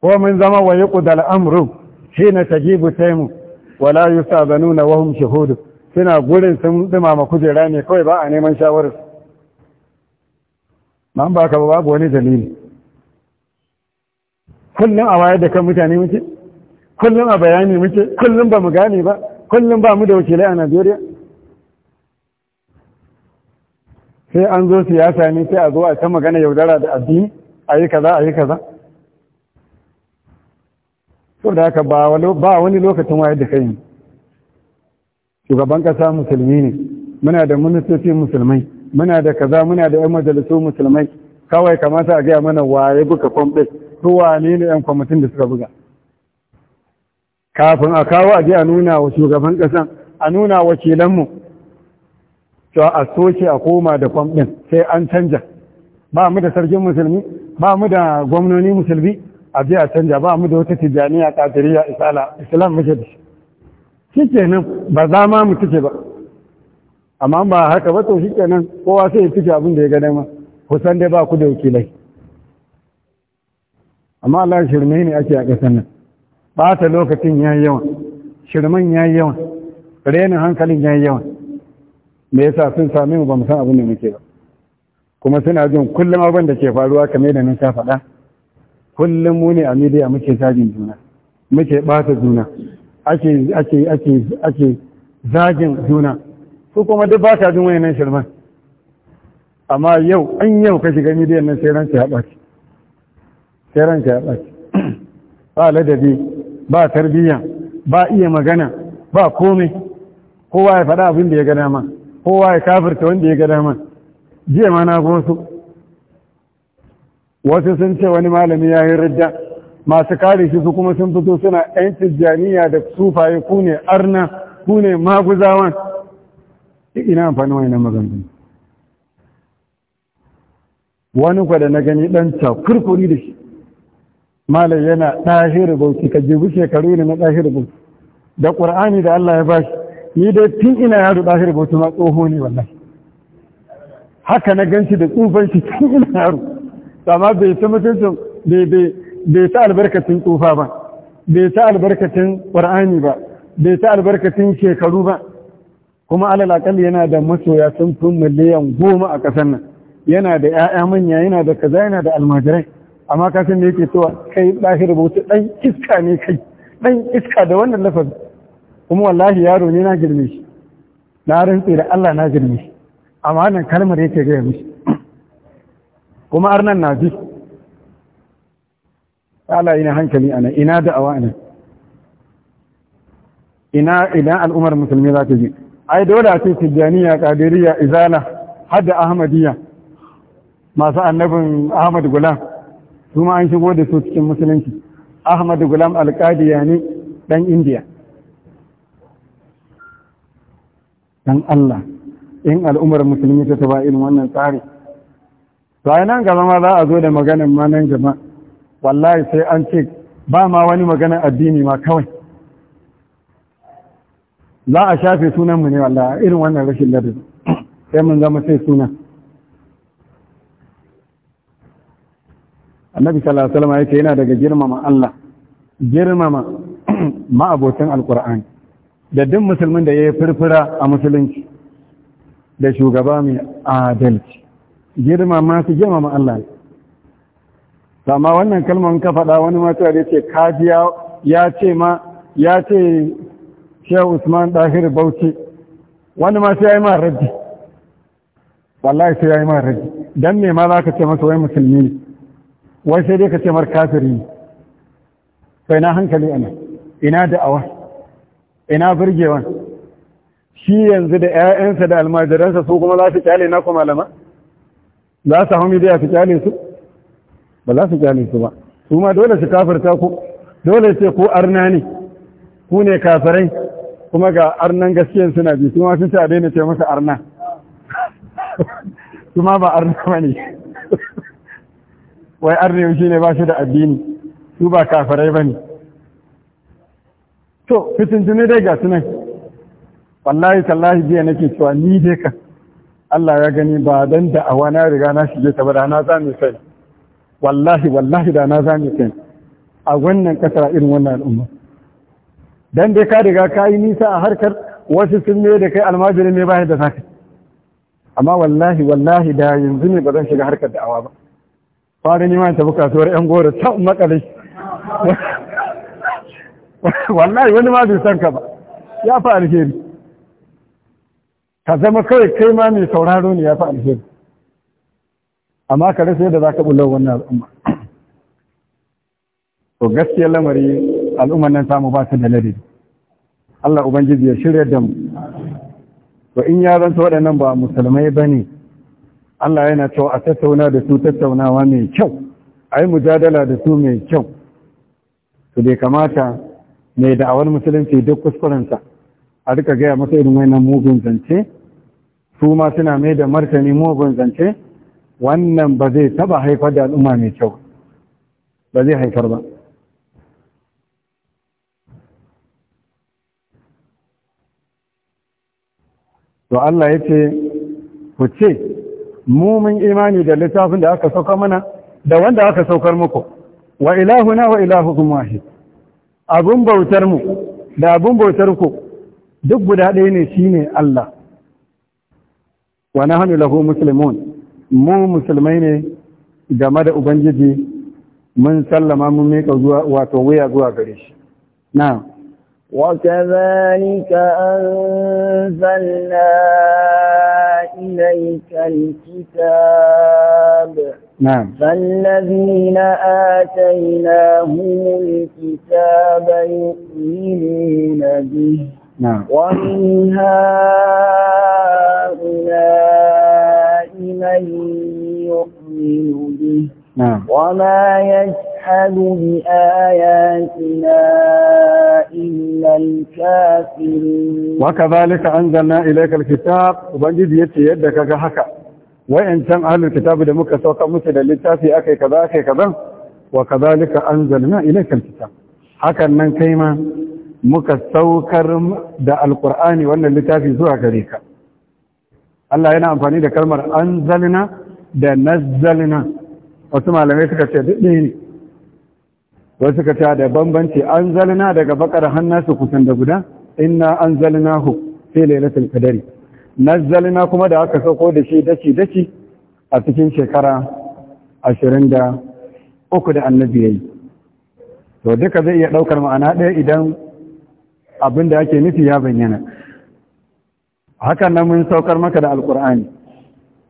ko mun zama wa yuqda al-amru hina tajibu taimu wala yusabanuna wa wahun shahudu suna gurin sun dumama kujera ne kawai ba a neman shawarar nan ba ka babu wani dalili kullum a wayar da kan mutane muke kullum a bayani muke kullum ba mu gane ba kullum ba mu da wakilai a najeriya sai an zo siyasa ne sai a zo a ta magana yaudara da addini a yi kaza a yi kaza so da haka ba wani lokacin wayar da kai shugaban kasa musulmi ne muna da ministoci musulmai muna da kaza muna da yan majalisu musulmai kawai kamata a gaya mana waye buka kwamfis su wane ne yan kwamitin da suka buga kafin a kawo a aje a nuna wa shugaban ƙasan a nuna wakilanmu to a soke a koma da kwam sai an canja ba mu da sarkin musulmi ba mu da gwamnoni musulmi a je a canja ba mu da wata tijjaniya kafiriya isala islam muke da shi shikenan ba za ma mu tike ba amma ba haka ba to shikenan kowa sai ya tike abin da ya ga dama kusan dai ba ku da wakilai amma Allah shirme ne ake a ƙasar nan ɓata lokacin ya yi yawan shirman ya yi yawan renin hankalin ya yi yawan me yasa sun sami mu ba mu san abin da muke ba kuma suna jin kullum abin da ke faruwa kamar da nan ta faɗa kullum mu ne a midiya muke zagin juna muke ɓata juna ake ake ake ake zagin juna su kuma duk ba ka jin nan shirman amma yau an yau ka shiga midiyan nan sai ran ta haɓa sai ranka ya ba ladabi ba tarbiyya ba iya magana ba komai kowa ya faɗa abin da ya ga dama kowa ya kafirta wanda ya ga dama jiya ma na gosu wasu sun ce wani malami ya yi rajja masu kare shi su kuma sun fito suna 'yancin tijjaniya da sufaye ku ne arna ku ne maguzawan ina amfani wani na maganin wani kwa na gani ɗan cakurkuri da shi malam yana ɗahiru bauki ka jibu shekaru ne na ɗahiru bauki da ƙur'ani da Allah ya bashi ni dai tun ina yaro ɗahiru bauki ma tsoho ne wannan. haka na gan shi da tsufan shi tun ina yaro amma bai ta mutuncin bai ta albarkacin tsufa ba bai ta albarkacin ƙur'ani ba bai ta albarkacin shekaru ba kuma alal akalli yana da masoya sun fi miliyan goma a ƙasar nan yana da 'ya'ya manya yana da kaza yana da almajirai amma ka san me yake cewa kai ɗahir bauta ɗan iska ne kai ɗan iska da wannan lafazi kuma wallahi yaro ne na girme shi na rantse da Allah na girme shi amma nan kalmar yake gaya mishi kuma arnan na ji ala ina hankali ana ina da'awa ana ina ina al'ummar musulmi za ta ji ai dole a ce tijjaniya qadiriyya izala hadda ahmadiyya masu annabin ahmad gulam su ma an shigo da su cikin musulunci ahmad gulam ne dan indiya dan allah in al'ummar musulmi ta taba irin wannan tsari to a nan gaba ma za a zo da maganin ma nan gaba wallahi sai an ce ba ma wani maganar addini ma kawai za a shafe sunanmu ne wallahi irin wannan rashin ladabi sai mun zama sai sunan annabi sallallahu alaihi wasallam yake yana daga girmama Allah girmama ma'abocin alkur'ani da duk musulmin da ya yi furfura a musulunci da shugaba mai adalci girmama su girmama Allah ne amma wannan kalmar ka faɗa wani matuwa da ce kajiya ya ce ma ya ce shehu usman dahir bauchi wani ma sai ya yi ma raddi wallahi sai ya yi ma raddi Dan me ma za ka ce masa wai musulmi ne wai sai dai ka ce mar kafiri sai na hankali ana ina da'awa ina birgewa shi yanzu da 'ya'yansa da almajiransa su kuma za su kyale na kuma malama za su hau midiya su kyale su ba za su kyale su ba su ma dole su kafirta ku dole ce ku arna ne ku ne kafirai kuma ga arnan gaskiyan suna bi su ma sun ce a daina ce masa arna su ma ba arna ba ne wai arnewa shi ne ba shi da addini su ba kafirai ba ne to fitintuni dai ga sunan wallahi tallahi biya nake cewa ni dai ka Allah ya gani ba dan da awa na riga na shige ta ba da na zame kai wallahi wallahi da na zame kai a wannan kasar irin wannan al'umma dan dai ka riga ka yi nisa a harkar wasu sun ne da kai almajiri ne ba da zaka amma wallahi wallahi da yanzu ne ba zan shiga harkar da'awa ba fara yi ma tafi kasuwar yan goro ta makale wallahi wani ma bai san ka ba ya fi alheri ka zama kawai kai ma mai sauraro ne ya fi alheri amma ka rasa yadda za ka bulo wannan al'umma to gaskiyar lamari al'umman nan samu ba su da ladabi Allah Ubangiji ya shirya da mu to in ya zanta waɗannan ba musulmai ba ne Allah yana cewa a tattauna da su tattaunawa mai kyau a yi mujadala da su mai kyau su bai kamata mai da'awar musulunci duk kuskurensa a rika gaya masa irin wainan mugun zance su ma suna mai da martani mugun zance wannan ba zai taba haifar da al'umma mai kyau ba zai haifar ba to Allah ya ce ku ce mu mun imani da littafin da aka sauka mana da wanda aka saukar muku wa ilahuna wa ilahukum wahid abun bautar mu da abun bautar ku duk guda ɗaya ne shine Allah wa nahnu lahu muslimun mu musulmai ne game da ubangiji mun sallama mun mika zuwa wato wuya zuwa gare shi na'am وكذلك أنزلنا إليك الكتاب نعم فالذين آتيناهم الكتاب يؤمنون به نعم ومن هؤلاء من يؤمن به نعم وما يشتهي يجحد بآياتنا إلا الكافرين وكذلك أنزلنا إليك الكتاب وبنجد يتي يدك كحكا وإن كان أهل الكتاب دمك سوك مثل للتافي أكي كذا أكي كذا وكذلك أنزلنا إليك الكتاب حكا من كيما muka saukar da alkur'ani wannan littafi zuwa gare ka Allah yana amfani da kalmar anzalina da nazzalna wasu malamai suka ce duk ne wasu ka ta da bambanci an zalina daga bakar hannasu kusan da guda ina an zalina hu fi lailatul Na zalina kuma da aka sauko da shi dace-dace a cikin shekara ashirin da uku da annabi to duka zai iya ɗaukar ma'ana ɗaya idan abin da ake nufi ya bayyana hakan nan mun saukar maka da alkur'ani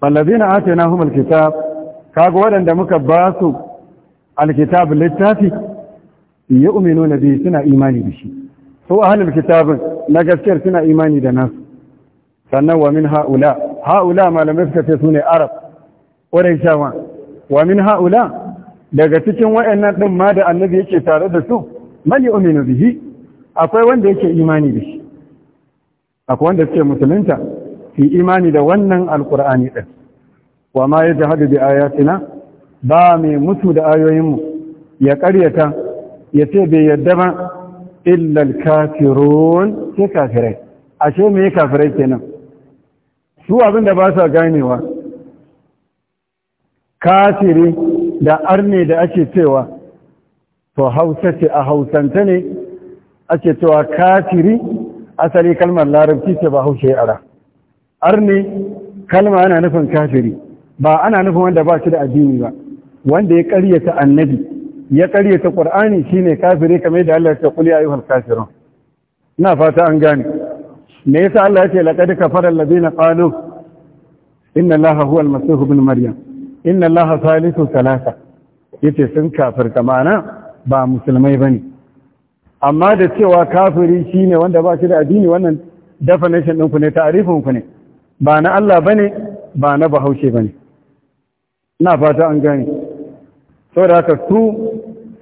ballazina atainahumul kitab kaga waɗanda muka basu su alkitab littafi na bihi suna imani da shi su halin kitabin na gaskiyar suna imani da nasu sannan wa min haula haula malamai suka ce ne arab shawa, wa min haula daga cikin wayannan ɗin ma da annabi yake tare da su man yu'minu bihi akwai wanda yake imani da shi akwai wanda suke musulunta fi imani da wannan alkur'ani ɗin. wa ma yajhadu da ayatina ba mai mutu da ayoyinmu ya ƙaryata ya ce bai yadda ba illal kafirun ce kafirai ashe me kafirai kenan su abin da ba sa ganewa kafiri da arne da ake cewa to hausa ce a hausanta ne ake cewa kafiri asali kalmar larabci ce ba haushe ara arne kalma ana nufin kafiri ba ana nufin wanda ba shi da addini ba wanda ya karyata annabi ya ƙwar'ani shi shine kafiri kamar da Allah ya ce qul a yi kafirun ina fata an gane me yasa Allah ya ce laqad kafara allazina qalu inna allaha huwa al-masih maryam inna laha salisu Ya ce sun ta ma'ana ba musulmai ba ne. amma da cewa kafiri shine wanda ba shi da addini wannan definition ɗinku ne ta'arifin ne ba na Allah bane ba na bahaushe bane ina fata an gane saboda haka su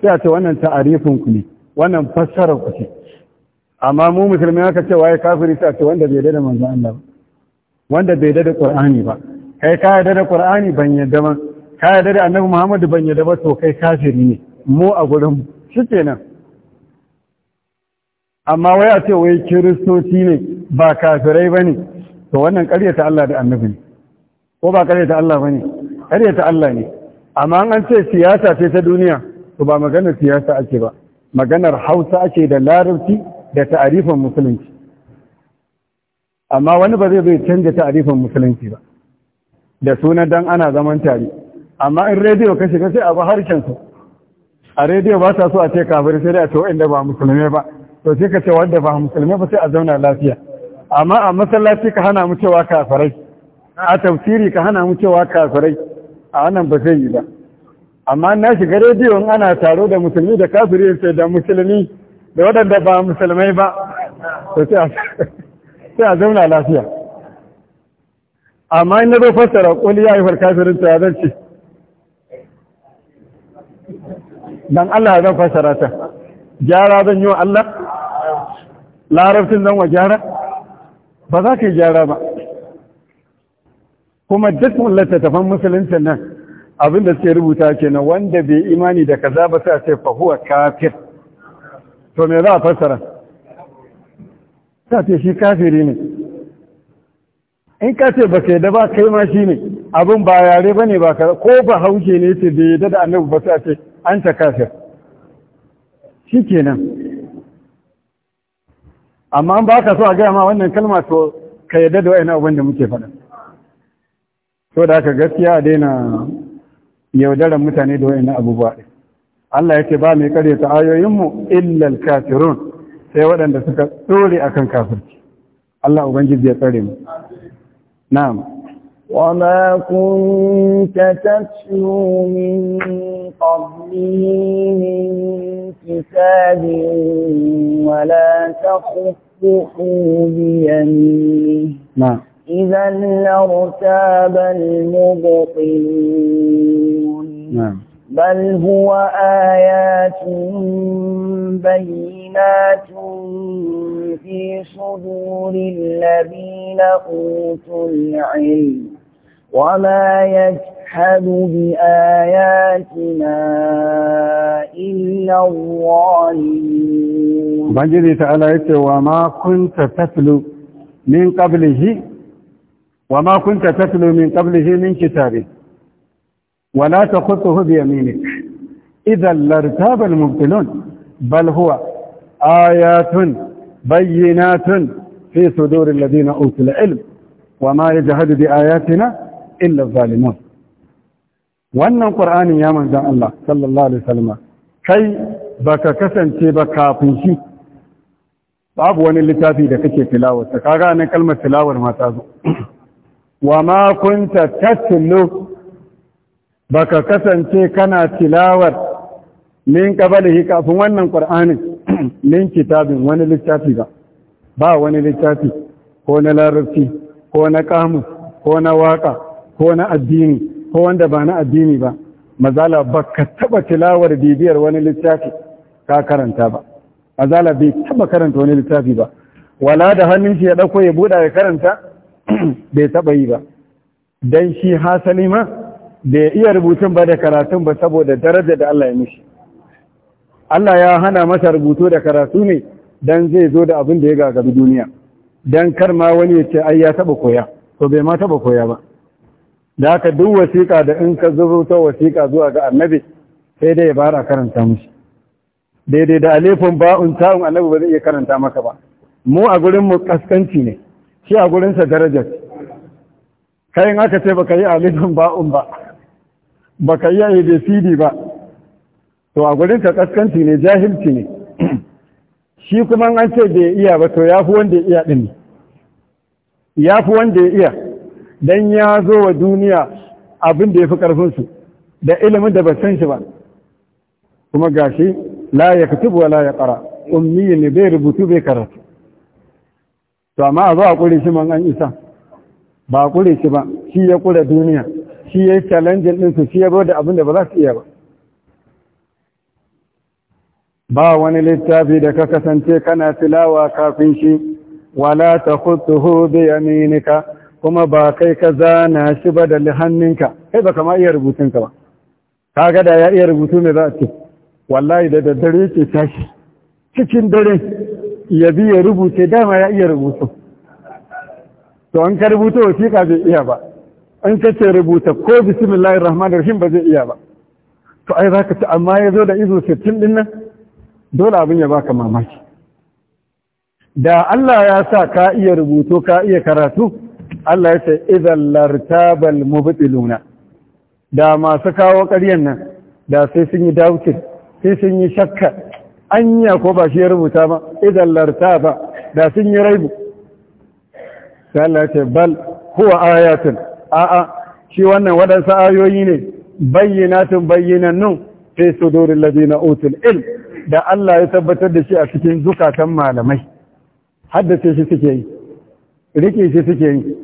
sai a ce wannan ta'arifin ku ne wannan fassarar ku ce amma mu musulmi haka ce waye kafiri sai a ce wanda bai da manzo Allah ba wanda bai da Qur'ani ba kai ka yarda da Qur'ani ban yarda ba ka yarda da Annabi Muhammad ban yarda ba to kai kafiri ne mu a gurin shikenan amma wai a ce wai kiristoci ne ba kafirai bane to wannan ƙaryata Allah da Annabi ne ko ba ƙaryata Allah bane ƙaryata Allah ne amma an ce siyasa ce ta duniya to ba maganar siyasa ake ba maganar hausa ake da larabci da ta'arifin musulunci amma wani ba zai zai canja ta'arifin musulunci ba da sunan dan ana zaman tare amma in rediyo ka shiga sai a harshen su a rediyo ba sa so a ce kafir sai da to inda ba musulmai ba to sai ka ce wanda ba musulmai ba sai a zauna lafiya amma a masallaci ka hana mu cewa kafirai a tafsiri ka hana mu cewa kafirai a wannan ba zai yi ba amma na shiga rediyon ana taro da musulmi da kafiri sai da musulmi da waɗanda ba musulmai ba sai a zauna lafiya amma ina zo fassara ƙuli ya haifar kafirin ta zan ce don Allah zan fassara ta gyara zan yi wa Allah larabcin zan wa gyara ba za ka yi gyara ba kuma duk littattafan musulunci nan abinda suke rubuta kenan wanda bai imani da kaza ba sai a ce fahuwa kafir to me za a fassara ta ce shi kafiri ne in ka ce ba sai da ba kai ma shi ne abin ba yare ba ne ba ka ko ba haushe ne ce bai yadda da annabu ba sai a ce an ta kafir shi kenan amma ba ka so a gaya ma wannan kalma to ka yadda da wa'ina abin da muke faɗa so da haka gaskiya a daina yaudarar mutane da wayannan abubuwa Allah yake ba mai kare ta ayoyinmu illal kafirun sai waɗanda suka tsore kan kafirci Allah ubangiji ya tsare mu na'am وما كنت تتلو من قبله من كتاب ولا تخطه بيمينه إذا لارتاب المبطلون نعم بل هو آيات بينات في صدور الذين أوتوا العلم وما يجحد بآياتنا إلا الظالمون بنجد تعالى وما كنت تتلو من قبله وما كنت تتلو من قبله من كتابه ولا تخطه بيمينك إذا لارتاب المبطلون بل هو آيات بينات في صدور الذين أوتوا العلم وما يجهد بآياتنا إلا الظالمون وأن القرآن يا من جاء الله صلى الله عليه وسلم كي بك كسن كي بك عطيشي بابوان اللي تابي لكي تلاوة انا كلمة تلاوة ما تابو wa ma kunta tatlu baka kasance kana tilawar min qablihi kafin wannan qur'anin min kitabin wani littafi ba ba wani littafi ko na larabci ko na kamus ko na waka ko na addini ko wanda ba na addini ba mazala baka taba tilawar bibiyar wani littafi ka karanta ba mazala bai taba karanta wani littafi ba wala da hannun shi ya dauko ya buda ya karanta bai taba yi ba dan shi hasali ma bai iya rubutun ba da karatun ba saboda daraja da Allah ya mishi Allah ya hana masa rubutu da karatu ne dan zai zo da abin da ya gagabi duniya dan kar ma wani ya ce ai ya taba koya to bai ma taba koya ba da haka duk wasiƙa da in ka zubuta wasiƙa zuwa ga annabi sai dai ya fara karanta mushi daidai da alifin ba'un ta'un annabi ba zai iya karanta maka ba mu a gurin mu kaskanci ne shi a gurinsa darajar kai in aka ce baka yi alifin ba'un ba baka yi abcd ba to a gurinsa kaskanci ne jahilci ne shi kuma an ce bai iya ba to ya fi wanda ya iya ɗin ya wanda iya don ya zo wa duniya abin da ya fi ƙarfinsu da ilimin da ba san shi ba kuma gashi la ya kutubu wa la ya ƙara ummi ne bai rubutu bai karatu to amma a zo a ƙuri shi man an isa ba a ƙuri shi ba shi ya ƙure duniya shi ya yi challenging ɗinsu shi ya da abin da ba za su iya ba ba wani littafi da ka kasance kana tilawa kafin shi wala ta hu bi yaminika kuma ba kai ka zana shi ba da hannunka kai ba kama iya rubutunka ba kaga da ya iya rubutu ne za a ce wallahi da daddare ke tashi cikin dare ya bi ya rubuce dama ya iya rubutu to an ka rubuta wasiƙa zai iya ba an ka ce rubuta ko bismillahir rahmanir rahim ba zai iya ba to ai ka ci amma ya zo da izo sittin din nan dole abin ya baka mamaki da Allah ya sa ka iya rubutu ka iya karatu Allah ya ce idan lartabal mubtiluna da masu kawo ƙaryan nan da sai sun yi doubting sai sun yi shakka anya ko ba shi ya rubuta ba idan larta ba da sun yi raibu sai Allah ce bal huwa ayatin a'a shi wannan waɗansa ayoyi ne bayyinatun bayyinannun fi sudurin ladina utul ilm da Allah ya tabbatar da shi a cikin zukatan malamai haddace shi suke yi rike shi suke yi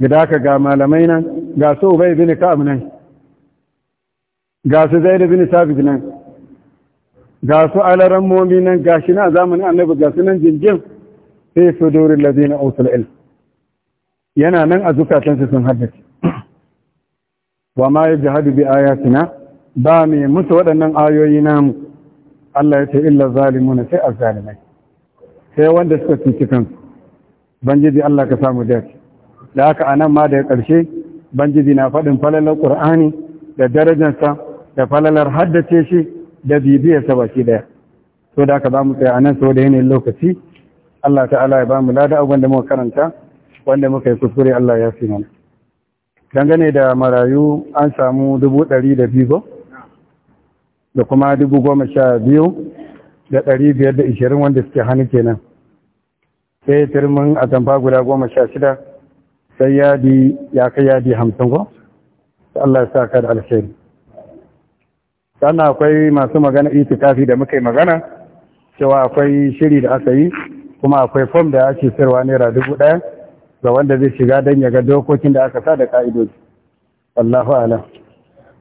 gida ka ga malamai nan ga su bai bin ka'ab nan ga su zaid bin sabit nan ga su alaran mominan gashi na zamanin annabi ga su nan jinjin sai su dori lazina ausul yana nan a su sun haddace wa ma ya bi ayatina ba mai musu waɗannan ayoyi namu Allah ya ce illa zalimuna sai azzalimai sai wanda suka tuki kansu banjiji Allah ka samu dace da haka anan ma ya karshe banjiji na faɗin falalar ƙur'ani da darajarsa da falalar haddace shi da bibiyar sa baki daya so da aka ba mu a nan saboda yanayin lokaci Allah ta'ala ya ba mu lada abin da muka karanta wanda muka yi kuskure Allah ya fi mana dangane da marayu an samu dubu ɗari da biyu da kuma dubu goma sha biyu da ɗari biyar da ishirin wanda suke hannu kenan sai turmin a tamfa guda goma sha shida sai yadi ya kai yadi hamsin ko Allah ya sa ka da alheri sannan akwai masu magana itikafi da muka yi magana cewa akwai shiri da aka yi kuma akwai fom da ake sayarwa naira dubu ɗaya ga wanda zai shiga don ya ga dokokin da aka sa da ka'idoji Allahu alam